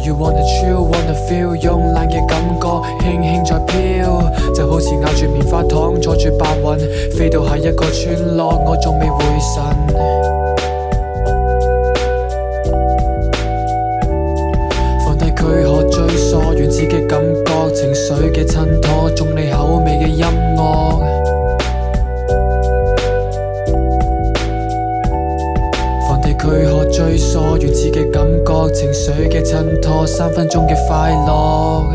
You wanna chill, wanna feel，慵懶嘅感覺輕輕在飄，就好似咬住棉花糖，坐住白雲，飛到喺一個村落，我仲未回神。放低軀殼，追溯原始嘅感覺，情緒嘅襯托，中你口味嘅音樂。放低軀殼，追溯原始。情緒嘅襯托，三分鐘嘅快樂。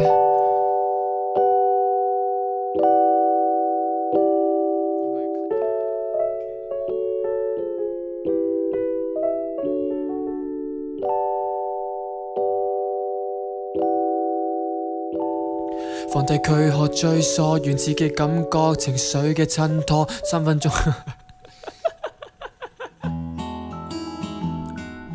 放低軀殼追溯，原始嘅感覺，情緒嘅襯托，三分鐘。